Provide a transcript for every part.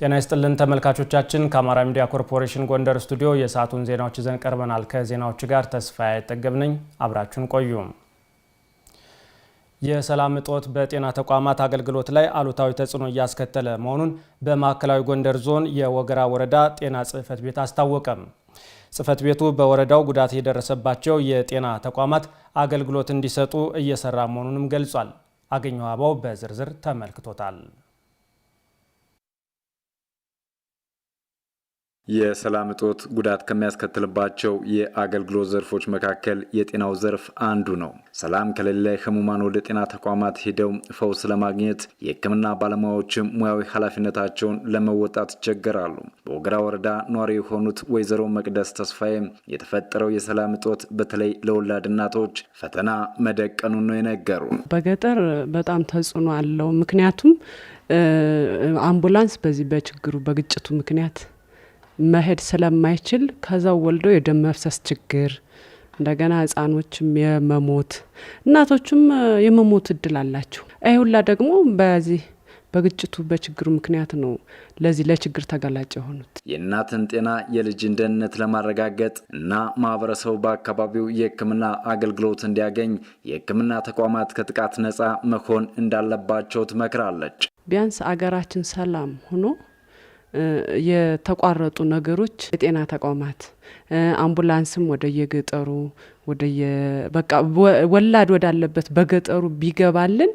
ጤና ይስጥልን ተመልካቾቻችን፣ ከአማራ ሚዲያ ኮርፖሬሽን ጎንደር ስቱዲዮ የሰዓቱን ዜናዎች ይዘን ቀርበናል። ከዜናዎቹ ጋር ተስፋዬ አይጠገብ ነኝ። አብራችሁን ቆዩ። የሰላም እጦት በጤና ተቋማት አገልግሎት ላይ አሉታዊ ተጽዕኖ እያስከተለ መሆኑን በማዕከላዊ ጎንደር ዞን የወገራ ወረዳ ጤና ጽሕፈት ቤት አስታወቀም። ጽሕፈት ቤቱ በወረዳው ጉዳት የደረሰባቸው የጤና ተቋማት አገልግሎት እንዲሰጡ እየሰራ መሆኑንም ገልጿል። አገኘው አባው በዝርዝር ተመልክቶታል። የሰላም እጦት ጉዳት ከሚያስከትልባቸው የአገልግሎት ዘርፎች መካከል የጤናው ዘርፍ አንዱ ነው። ሰላም ከሌለ ህሙማን ወደ ጤና ተቋማት ሄደው ፈውስ ለማግኘት የህክምና ባለሙያዎችም ሙያዊ ኃላፊነታቸውን ለመወጣት ይቸገራሉ። በወገራ ወረዳ ኗሪ የሆኑት ወይዘሮ መቅደስ ተስፋዬ የተፈጠረው የሰላም እጦት በተለይ ለወላድ እናቶች ፈተና መደቀኑን ነው የነገሩ። በገጠር በጣም ተጽዕኖ አለው። ምክንያቱም አምቡላንስ በዚህ በችግሩ በግጭቱ ምክንያት መሄድ ስለማይችል ከዛው ወልዶ የደም መፍሰስ ችግር እንደገና ህጻኖችም የመሞት እናቶችም የመሞት እድል አላቸው። ይሄ ሁላ ደግሞ በዚህ በግጭቱ በችግሩ ምክንያት ነው ለዚህ ለችግር ተጋላጭ የሆኑት። የእናትን ጤና የልጅን ደህንነት ለማረጋገጥ እና ማህበረሰቡ በአካባቢው የህክምና አገልግሎት እንዲያገኝ የህክምና ተቋማት ከጥቃት ነፃ መሆን እንዳለባቸው ትመክራለች። ቢያንስ አገራችን ሰላም ሆኖ የተቋረጡ ነገሮች የጤና ተቋማት አምቡላንስም ወደየገጠሩ ወደየ በቃ ወላድ ወዳለበት በገጠሩ ቢገባልን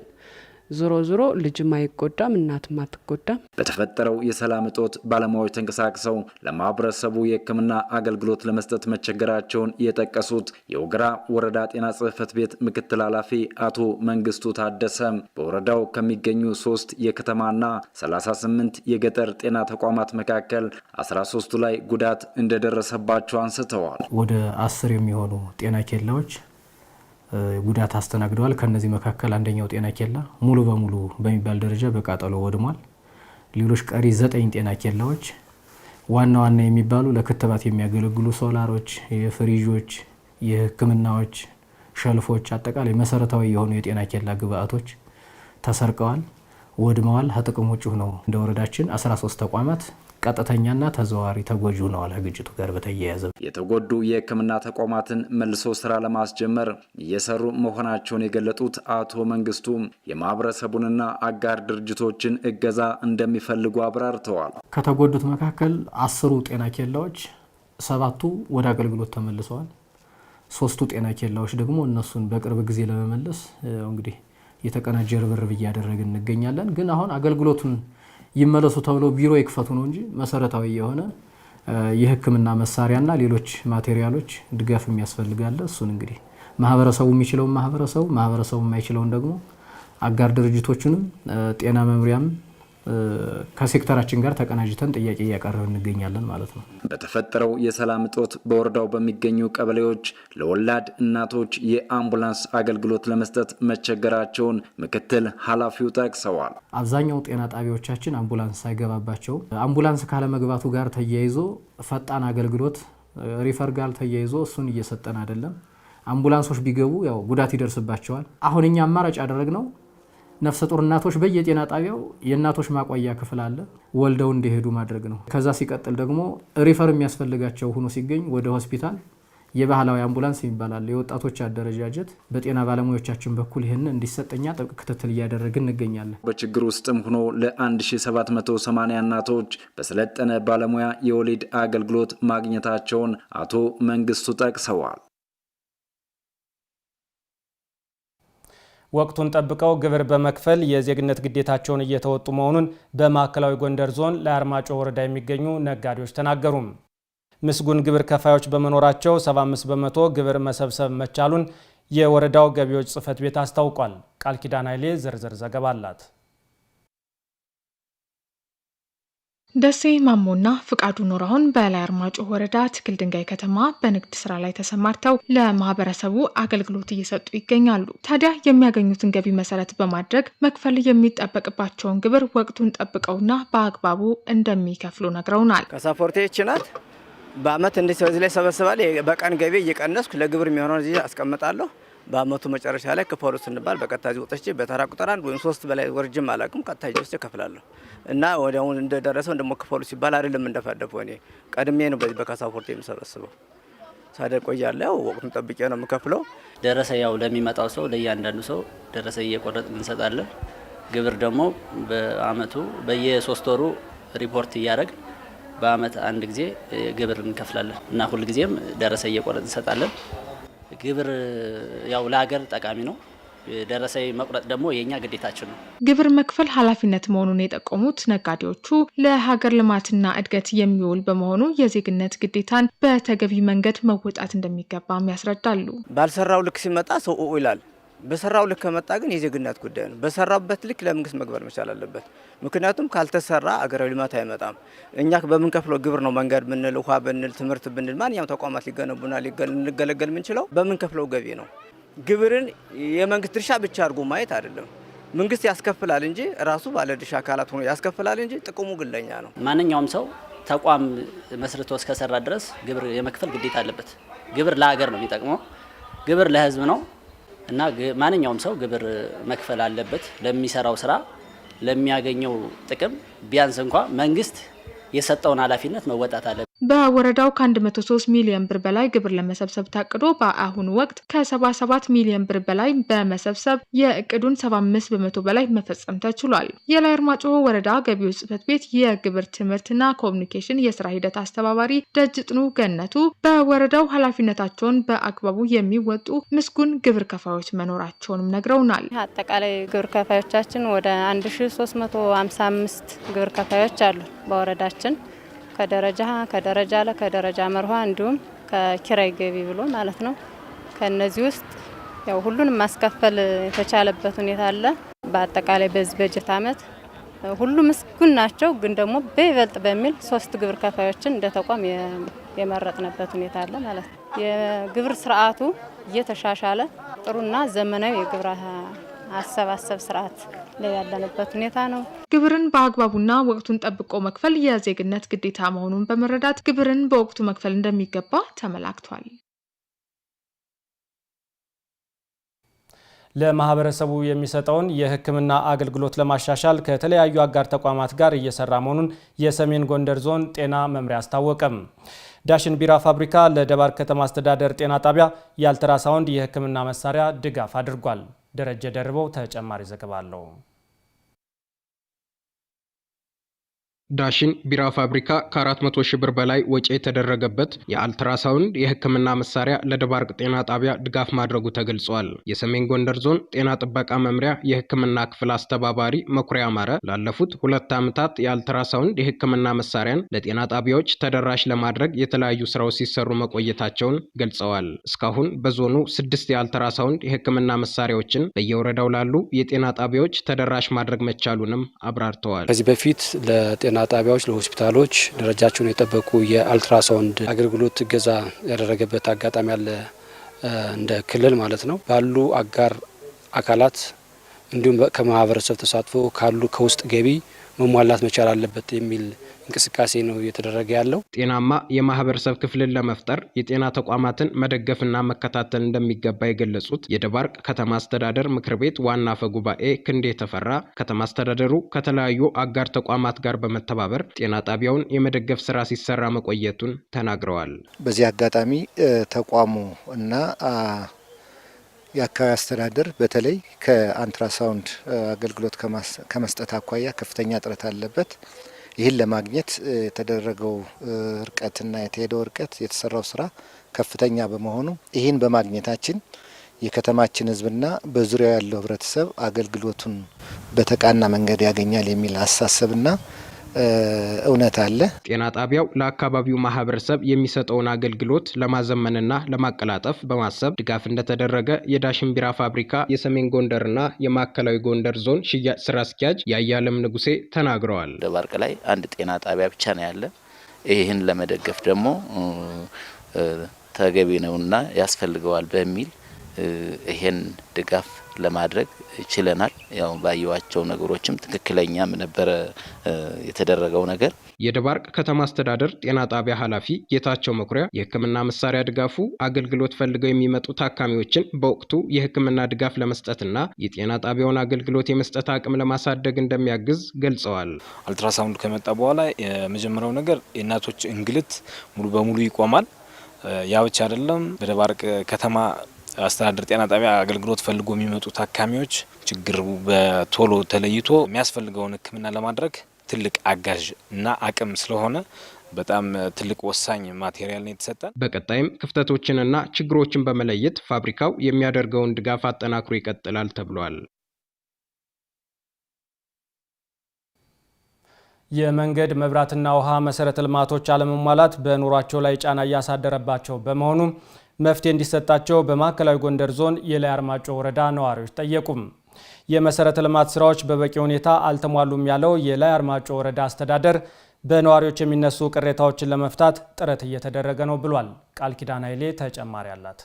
ዞሮ ዞሮ ልጅም አይጎዳም፣ እናትም አትጎዳም። በተፈጠረው የሰላም እጦት ባለሙያዎች ተንቀሳቅሰው ለማህበረሰቡ የህክምና አገልግሎት ለመስጠት መቸገራቸውን የጠቀሱት የወግራ ወረዳ ጤና ጽሕፈት ቤት ምክትል ኃላፊ አቶ መንግስቱ ታደሰ በወረዳው ከሚገኙ ሶስት የከተማና 38 የገጠር ጤና ተቋማት መካከል 13ቱ ላይ ጉዳት እንደደረሰባቸው አንስተዋል። ወደ አስር የሚሆኑ ጤና ኬላዎች ጉዳት አስተናግደዋል። ከነዚህ መካከል አንደኛው ጤና ኬላ ሙሉ በሙሉ በሚባል ደረጃ በቃጠሎ ወድሟል። ሌሎች ቀሪ ዘጠኝ ጤና ኬላዎች ዋና ዋና የሚባሉ ለክትባት የሚያገለግሉ ሶላሮች፣ የፍሪጆች፣ የሕክምናዎች ሸልፎች፣ አጠቃላይ መሰረታዊ የሆኑ የጤና ኬላ ግብአቶች ተሰርቀዋል፣ ወድመዋል። ከጥቅም ውጭ ነው። እንደ ወረዳችን 13 ተቋማት ቀጥተኛና ተዘዋሪ ተጎጂ ሆነዋል። ከግጭቱ ጋር በተያያዘ የተጎዱ የሕክምና ተቋማትን መልሶ ስራ ለማስጀመር እየሰሩ መሆናቸውን የገለጡት አቶ መንግስቱ የማህበረሰቡንና አጋር ድርጅቶችን እገዛ እንደሚፈልጉ አብራርተዋል። ከተጎዱት መካከል አስሩ ጤና ኬላዎች፣ ሰባቱ ወደ አገልግሎት ተመልሰዋል። ሶስቱ ጤና ኬላዎች ደግሞ እነሱን በቅርብ ጊዜ ለመመለስ እንግዲህ የተቀናጀ ርብርብ እያደረግን እንገኛለን። ግን አሁን አገልግሎቱን ይመለሱ ተብሎ ቢሮ ይክፈቱ ነው እንጂ መሰረታዊ የሆነ የህክምና መሳሪያና ሌሎች ማቴሪያሎች ድጋፍ የሚያስፈልጋለ። እሱን እንግዲህ ማህበረሰቡ የሚችለውን ማህበረሰቡ ማህበረሰቡ የማይችለውን ደግሞ አጋር ድርጅቶችንም ጤና መምሪያም ከሴክተራችን ጋር ተቀናጅተን ጥያቄ እያቀረብ እንገኛለን ማለት ነው። በተፈጠረው የሰላም እጦት በወረዳው በሚገኙ ቀበሌዎች ለወላድ እናቶች የአምቡላንስ አገልግሎት ለመስጠት መቸገራቸውን ምክትል ኃላፊው ጠቅሰዋል። አብዛኛው ጤና ጣቢያዎቻችን አምቡላንስ ሳይገባባቸው አምቡላንስ ካለመግባቱ ጋር ተያይዞ ፈጣን አገልግሎት ሪፈር ጋር ተያይዞ እሱን እየሰጠን አይደለም። አምቡላንሶች ቢገቡ ያው ጉዳት ይደርስባቸዋል። አሁን እኛ አማራጭ ያደረግነው ነፍሰ ጡር እናቶች በየጤና ጣቢያው የእናቶች ማቆያ ክፍል አለ፣ ወልደው እንዲሄዱ ማድረግ ነው። ከዛ ሲቀጥል ደግሞ ሪፈር የሚያስፈልጋቸው ሆኖ ሲገኝ ወደ ሆስፒታል የባህላዊ አምቡላንስ ይባላል። የወጣቶች አደረጃጀት በጤና ባለሙያዎቻችን በኩል ይህን እንዲሰጠኛ ጥብቅ ክትትል እያደረግን እንገኛለን። በችግር ውስጥም ሆኖ ለ1780 እናቶች በሰለጠነ ባለሙያ የወሊድ አገልግሎት ማግኘታቸውን አቶ መንግስቱ ጠቅሰዋል። ወቅቱን ጠብቀው ግብር በመክፈል የዜግነት ግዴታቸውን እየተወጡ መሆኑን በማዕከላዊ ጎንደር ዞን ለአርማጮ ወረዳ የሚገኙ ነጋዴዎች ተናገሩም። ምስጉን ግብር ከፋዮች በመኖራቸው 75 በመቶ ግብር መሰብሰብ መቻሉን የወረዳው ገቢዎች ጽሕፈት ቤት አስታውቋል። ቃል ኪዳን ኃይሌ ዝርዝር ዘገባ አላት። ደሴ ማሞና ፍቃዱ ኖራውን በላይ አርማጭሆ ወረዳ ትክል ድንጋይ ከተማ በንግድ ስራ ላይ ተሰማርተው ለማህበረሰቡ አገልግሎት እየሰጡ ይገኛሉ። ታዲያ የሚያገኙትን ገቢ መሰረት በማድረግ መክፈል የሚጠበቅባቸውን ግብር ወቅቱን ጠብቀውና በአግባቡ እንደሚከፍሉ ነግረውናል። ከሳፖርቴ ይችናት በአመት እንዲህ ላይ ሰበስባል። በቀን ገቢ እየቀነስኩ ለግብር የሚሆነውን እዚህ አስቀምጣለሁ። በአመቱ መጨረሻ ላይ ክፈሉ ስንባል በቀጥታ እዚህ ወጥቼ በተራ ቁጥር አንድ ወይም ሶስት በላይ ወርጅም አላውቅም። ቀጥታ ጅ ወስጄ ከፍላለሁ እና ወዲያውን እንደደረሰው ደግሞ ክፈሉ ሲባል አይደለም እንደፈደፈው እኔ ቀድሜ ነው በዚህ በካሳፖርት የምሰበስበው። ሳደር ቆያለሁ። ወቅቱን ጠብቄ ነው የምከፍለው። ደረሰ ያው ለሚመጣው ሰው ለእያንዳንዱ ሰው ደረሰ እየቆረጥ እንሰጣለን። ግብር ደግሞ በአመቱ በየሶስት ወሩ ሪፖርት እያደረግ በአመት አንድ ጊዜ ግብር እንከፍላለን እና ሁልጊዜም ደረሰ እየቆረጥ እንሰጣለን። ግብር ያው ለሀገር ጠቃሚ ነው። ደረሰ መቁረጥ ደግሞ የኛ ግዴታችን ነው። ግብር መክፈል ኃላፊነት መሆኑን የጠቆሙት ነጋዴዎቹ ለሀገር ልማትና እድገት የሚውል በመሆኑ የዜግነት ግዴታን በተገቢ መንገድ መወጣት እንደሚገባም ያስረዳሉ። ባልሰራው ልክ ሲመጣ ሰው ይላል በሰራው ልክ ከመጣ ግን የዜግነት ጉዳይ ነው። በሰራበት ልክ ለመንግስት መግበር መቻል አለበት። ምክንያቱም ካልተሰራ አገራዊ ልማት አይመጣም። እኛ በምንከፍለው ግብር ነው መንገድ ብንል፣ ውሃ ብንል፣ ትምህርት ብንል ማንኛውም ተቋማት ሊገነቡና ልንገለገል የምንችለው በምንከፍለው ገቢ ነው። ግብርን የመንግስት ድርሻ ብቻ አድርጎ ማየት አይደለም። መንግስት ያስከፍላል እንጂ ራሱ ባለድርሻ አካላት ሆኖ ያስከፍላል እንጂ ጥቅሙ ግለኛ ነው። ማንኛውም ሰው ተቋም መስርቶ እስከሰራ ድረስ ግብር የመክፈል ግዴታ አለበት። ግብር ለሀገር ነው የሚጠቅመው። ግብር ለህዝብ ነው። እና ማንኛውም ሰው ግብር መክፈል አለበት ለሚሰራው ስራ ለሚያገኘው ጥቅም ቢያንስ እንኳ መንግስት የሰጠውን ኃላፊነት መወጣት አለበት። በወረዳው ከ103 ሚሊዮን ብር በላይ ግብር ለመሰብሰብ ታቅዶ በአሁኑ ወቅት ከ77 ሚሊዮን ብር በላይ በመሰብሰብ የእቅዱን 75 በመቶ በላይ መፈጸም ተችሏል። የላይ አርማጭሆ ወረዳ ገቢዎች ጽህፈት ቤት የግብር ትምህርትና ኮሚኒኬሽን የስራ ሂደት አስተባባሪ ደጅጥኑ ገነቱ በወረዳው ኃላፊነታቸውን በአግባቡ የሚወጡ ምስጉን ግብር ከፋዮች መኖራቸውንም ነግረውናል። አጠቃላይ ግብር ከፋዮቻችን ወደ 1355 ግብር ከፋዮች አሉ በወረዳችን ከደረጃ ከደረጃ ለ ከደረጃ መርሃ እንዲሁም ከኪራይ ገቢ ብሎ ማለት ነው። ከነዚህ ውስጥ ያው ሁሉንም ማስከፈል የተቻለበት ሁኔታ አለ። በአጠቃላይ በዚህ በጀት አመት ሁሉም ምስጉን ናቸው፣ ግን ደግሞ በይበልጥ በሚል ሶስት ግብር ከፋዮችን እንደ ተቋም የመረጥንበት ሁኔታ አለ ማለት ነው። የግብር ስርዓቱ እየተሻሻለ ጥሩና ዘመናዊ የግብር አሰባሰብ ስርዓት ያለንበት ሁኔታ ነው። ግብርን በአግባቡና ወቅቱን ጠብቆ መክፈል የዜግነት ግዴታ መሆኑን በመረዳት ግብርን በወቅቱ መክፈል እንደሚገባ ተመላክቷል። ለማህበረሰቡ የሚሰጠውን የሕክምና አገልግሎት ለማሻሻል ከተለያዩ አጋር ተቋማት ጋር እየሰራ መሆኑን የሰሜን ጎንደር ዞን ጤና መምሪያ አስታወቀም። ዳሽን ቢራ ፋብሪካ ለደባርቅ ከተማ አስተዳደር ጤና ጣቢያ የአልትራሳውንድ የሕክምና መሳሪያ ድጋፍ አድርጓል። ደረጀ ደርበው ተጨማሪ ዘገባ አለው። ዳሽን ቢራ ፋብሪካ ከ400 ሺህ ብር በላይ ወጪ የተደረገበት የአልትራሳውንድ የሕክምና መሳሪያ ለደባርቅ ጤና ጣቢያ ድጋፍ ማድረጉ ተገልጿል። የሰሜን ጎንደር ዞን ጤና ጥበቃ መምሪያ የሕክምና ክፍል አስተባባሪ መኩሪያ ማረ ላለፉት ሁለት ዓመታት የአልትራሳውንድ የሕክምና መሳሪያን ለጤና ጣቢያዎች ተደራሽ ለማድረግ የተለያዩ ስራዎች ሲሰሩ መቆየታቸውን ገልጸዋል። እስካሁን በዞኑ ስድስት የአልትራሳውንድ የሕክምና መሳሪያዎችን በየወረዳው ላሉ የጤና ጣቢያዎች ተደራሽ ማድረግ መቻሉንም አብራርተዋል። ከዚህ በፊት ለጤና ጣቢያዎች ለሆስፒታሎች ደረጃቸውን የጠበቁ የአልትራሳውንድ አገልግሎት እገዛ ያደረገበት አጋጣሚ ያለ እንደ ክልል ማለት ነው ባሉ አጋር አካላት እንዲሁም ከማህበረሰብ ተሳትፎ ካሉ ከውስጥ ገቢ መሟላት መቻል አለበት የሚል እንቅስቃሴ ነው እየተደረገ ያለው። ጤናማ የማህበረሰብ ክፍልን ለመፍጠር የጤና ተቋማትን መደገፍና መከታተል እንደሚገባ የገለጹት የደባርቅ ከተማ አስተዳደር ምክር ቤት ዋና አፈ ጉባኤ ክንዴ ተፈራ ከተማ አስተዳደሩ ከተለያዩ አጋር ተቋማት ጋር በመተባበር ጤና ጣቢያውን የመደገፍ ስራ ሲሰራ መቆየቱን ተናግረዋል። በዚህ አጋጣሚ ተቋሙ እና የአካባቢ አስተዳደር በተለይ ከአልትራሳውንድ አገልግሎት ከመስጠት አኳያ ከፍተኛ ጥረት አለበት። ይህን ለማግኘት የተደረገው እርቀትና የተሄደው እርቀት የተሰራው ስራ ከፍተኛ በመሆኑ ይህን በማግኘታችን የከተማችን ህዝብና በዙሪያው ያለው ህብረተሰብ አገልግሎቱን በተቃና መንገድ ያገኛል የሚል አሳሰብና እውነት አለ። ጤና ጣቢያው ለአካባቢው ማህበረሰብ የሚሰጠውን አገልግሎት ለማዘመንና ለማቀላጠፍ በማሰብ ድጋፍ እንደተደረገ የዳሽን ቢራ ፋብሪካ የሰሜን ጎንደርና የማዕከላዊ ጎንደር ዞን ሽያጭ ስራ አስኪያጅ የአያለም ንጉሴ ተናግረዋል። ደባርቅ ላይ አንድ ጤና ጣቢያ ብቻ ነው ያለ። ይህን ለመደገፍ ደግሞ ተገቢ ነውና ያስፈልገዋል በሚል ይሄን ድጋፍ ለማድረግ ችለናል። ያው ባየዋቸው ነገሮችም ትክክለኛም ነበረ የተደረገው ነገር። የደባርቅ ከተማ አስተዳደር ጤና ጣቢያ ኃላፊ ጌታቸው መኩሪያ የሕክምና መሳሪያ ድጋፉ አገልግሎት ፈልገው የሚመጡ ታካሚዎችን በወቅቱ የሕክምና ድጋፍ ለመስጠትና የጤና ጣቢያውን አገልግሎት የመስጠት አቅም ለማሳደግ እንደሚያግዝ ገልጸዋል። አልትራሳውንድ ከመጣ በኋላ የመጀመሪያው ነገር የእናቶች እንግልት ሙሉ በሙሉ ይቆማል። ያ ብቻ አይደለም። በደባርቅ ከተማ አስተዳደር ጤና ጣቢያ አገልግሎት ፈልጎ የሚመጡ ታካሚዎች ችግር በቶሎ ተለይቶ የሚያስፈልገውን ሕክምና ለማድረግ ትልቅ አጋዥ እና አቅም ስለሆነ በጣም ትልቅ ወሳኝ ማቴሪያል ነው የተሰጠን። በቀጣይም ክፍተቶችንና ችግሮችን በመለየት ፋብሪካው የሚያደርገውን ድጋፍ አጠናክሮ ይቀጥላል ተብሏል። የመንገድ መብራትና ውሃ መሰረተ ልማቶች አለመሟላት በኑሯቸው ላይ ጫና እያሳደረባቸው በመሆኑ መፍትሄ እንዲሰጣቸው በማዕከላዊ ጎንደር ዞን የላይ አርማጮ ወረዳ ነዋሪዎች ጠየቁም። የመሰረተ ልማት ስራዎች በበቂ ሁኔታ አልተሟሉም ያለው የላይ አርማጮ ወረዳ አስተዳደር በነዋሪዎች የሚነሱ ቅሬታዎችን ለመፍታት ጥረት እየተደረገ ነው ብሏል። ቃል ኪዳን ኃይሌ ተጨማሪ አላት።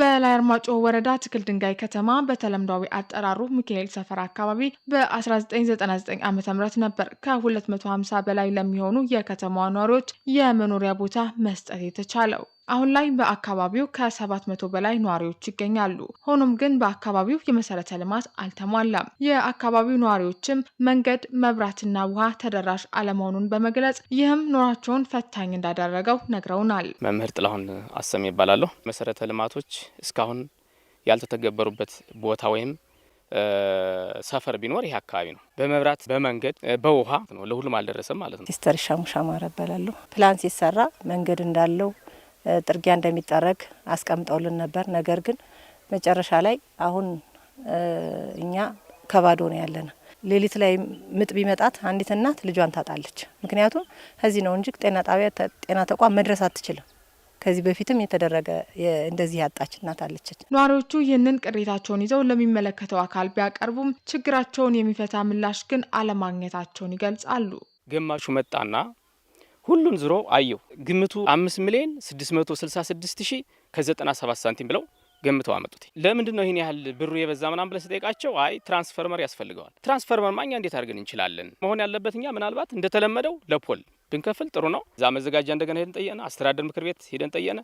በላይ አርማጮ ወረዳ ትክል ድንጋይ ከተማ በተለምዷዊ አጠራሩ ሚካኤል ሰፈር አካባቢ በ1999 ዓ ም ነበር ከ250 በላይ ለሚሆኑ የከተማዋ ነዋሪዎች የመኖሪያ ቦታ መስጠት የተቻለው። አሁን ላይ በአካባቢው ከ700 በላይ ነዋሪዎች ይገኛሉ። ሆኖም ግን በአካባቢው የመሰረተ ልማት አልተሟላም። የአካባቢው ነዋሪዎችም መንገድ፣ መብራትና ውሃ ተደራሽ አለመሆኑን በመግለጽ ይህም ኑሯቸውን ፈታኝ እንዳደረገው ነግረውናል። መምህር ጥላሁን አሰም ይባላለሁ። መሰረተ ልማቶች እስካሁን ያልተተገበሩበት ቦታ ወይም ሰፈር ቢኖር ይህ አካባቢ ነው። በመብራት በመንገድ በውሃ ነው፣ ለሁሉም አልደረሰም ማለት ነው። ሲስተር ሻሙሻ ማረ እባላለሁ። ፕላን ሲሰራ መንገድ እንዳለው ጥርጊያ እንደሚጠረግ አስቀምጠውልን ነበር። ነገር ግን መጨረሻ ላይ አሁን እኛ ከባዶ ነው ያለነ። ሌሊት ላይ ምጥ ቢመጣት አንዲት እናት ልጇን ታጣለች። ምክንያቱም ከዚህ ነው እንጂ ጤና ጣቢያ፣ ጤና ተቋም መድረስ አትችልም። ከዚህ በፊትም የተደረገ እንደዚህ ያጣች እናት አለች። ነዋሪዎቹ ይህንን ቅሬታቸውን ይዘው ለሚመለከተው አካል ቢያቀርቡም ችግራቸውን የሚፈታ ምላሽ ግን አለማግኘታቸውን ይገልጻሉ። ግማሹ መጣና ሁሉን ዝሮ አየው። ግምቱ አምስት ሚሊዮን ስድስት መቶ ስልሳ ስድስት ሺ ከዘጠና ሰባት ሳንቲም ብለው ገምተው አመጡት። ለምንድን ነው ይህን ያህል ብሩ የበዛ ምናምን ብለ ስጠይቃቸው አይ ትራንስፈርመር ያስፈልገዋል። ትራንስፈርመር ማኛ እንዴት አድርገን እንችላለን? መሆን ያለበት እኛ ምናልባት እንደተለመደው ለፖል ብንከፍል ጥሩ ነው። እዛ መዘጋጃ እንደገና ሄደን ጠየነ፣ አስተዳደር ምክር ቤት ሄደን ጠየነ።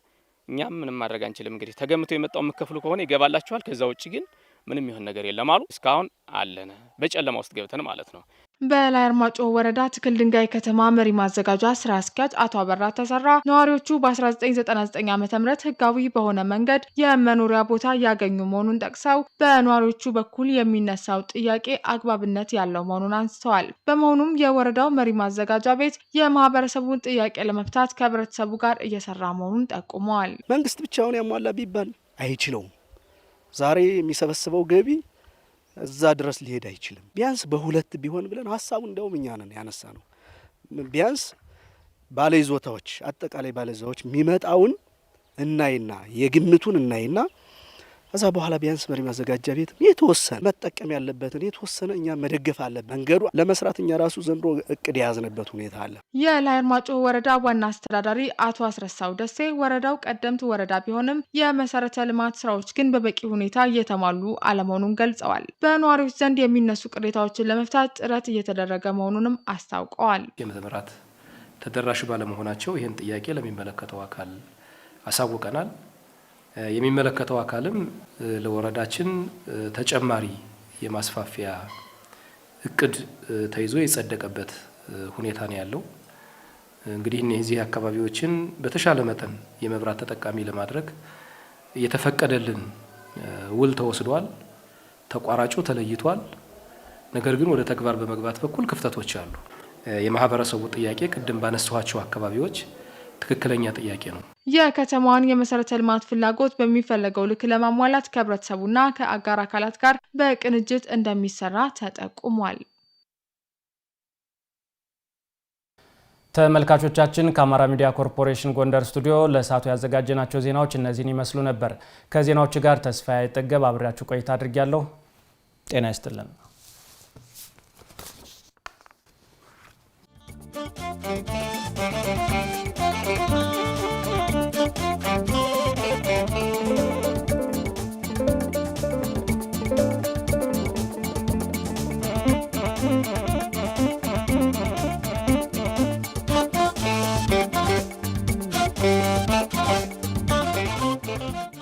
እኛም ምንም ማድረግ አንችልም። እንግዲህ ተገምቶ የመጣው የምከፍሉ ከሆነ ይገባላችኋል፣ ከዛ ውጭ ግን ምንም ይሆን ነገር የለም አሉ። እስካሁን አለን በጨለማ ውስጥ ገብተን ማለት ነው። በላይ አርማጭሆ ወረዳ ትክል ድንጋይ ከተማ መሪ ማዘጋጃ ስራ አስኪያጅ አቶ አበራ ተሰራ ነዋሪዎቹ በ1999 ዓ ም ህጋዊ በሆነ መንገድ የመኖሪያ ቦታ ያገኙ መሆኑን ጠቅሰው በነዋሪዎቹ በኩል የሚነሳው ጥያቄ አግባብነት ያለው መሆኑን አንስተዋል። በመሆኑም የወረዳው መሪ ማዘጋጃ ቤት የማህበረሰቡን ጥያቄ ለመፍታት ከህብረተሰቡ ጋር እየሰራ መሆኑን ጠቁመዋል። መንግስት ብቻውን ያሟላ ቢባል አይችለውም። ዛሬ የሚሰበስበው ገቢ እዛ ድረስ ሊሄድ አይችልም። ቢያንስ በሁለት ቢሆን ብለን ሀሳቡ እንደውም እኛ ነን ያነሳ ነው። ቢያንስ ባለይዞታዎች አጠቃላይ ባለይዞታዎች የሚመጣውን እናይና የግምቱን እናይና ከዛ በኋላ ቢያንስ መሪ ማዘጋጃ ቤት የተወሰነ መጠቀም ያለበትን የተወሰነ እኛ መደገፍ አለ። መንገዱ ለመስራት እኛ ራሱ ዘንድሮ እቅድ የያዝንበት ሁኔታ አለ። የላይ ወረዳ ዋና አስተዳዳሪ አቶ አስረሳው ደሴ ወረዳው ቀደምት ወረዳ ቢሆንም የመሰረተ ልማት ስራዎች ግን በበቂ ሁኔታ እየተሟሉ አለመሆኑን ገልጸዋል። በነዋሪዎች ዘንድ የሚነሱ ቅሬታዎችን ለመፍታት ጥረት እየተደረገ መሆኑንም አስታውቀዋል። የመብራት ተደራሽ ባለመሆናቸው ይህን ጥያቄ ለሚመለከተው አካል አሳውቀናል። የሚመለከተው አካልም ለወረዳችን ተጨማሪ የማስፋፊያ እቅድ ተይዞ የጸደቀበት ሁኔታ ነው ያለው። እንግዲህ እነዚህ አካባቢዎችን በተሻለ መጠን የመብራት ተጠቃሚ ለማድረግ የተፈቀደልን ውል ተወስዷል። ተቋራጩ ተለይቷል። ነገር ግን ወደ ተግባር በመግባት በኩል ክፍተቶች አሉ። የማህበረሰቡ ጥያቄ ቅድም ባነሳኋቸው አካባቢዎች ትክክለኛ ጥያቄ ነው። የከተማዋን የመሰረተ ልማት ፍላጎት በሚፈለገው ልክ ለማሟላት ከህብረተሰቡና ከአጋር አካላት ጋር በቅንጅት እንደሚሰራ ተጠቁሟል። ተመልካቾቻችን ከአማራ ሚዲያ ኮርፖሬሽን ጎንደር ስቱዲዮ ለሰዓቱ ያዘጋጀናቸው ዜናዎች እነዚህን ይመስሉ ነበር። ከዜናዎች ጋር ተስፋዬ ጠገብ አብሬያችሁ ቆይታ ያለሁ ጤና ይስጥልን።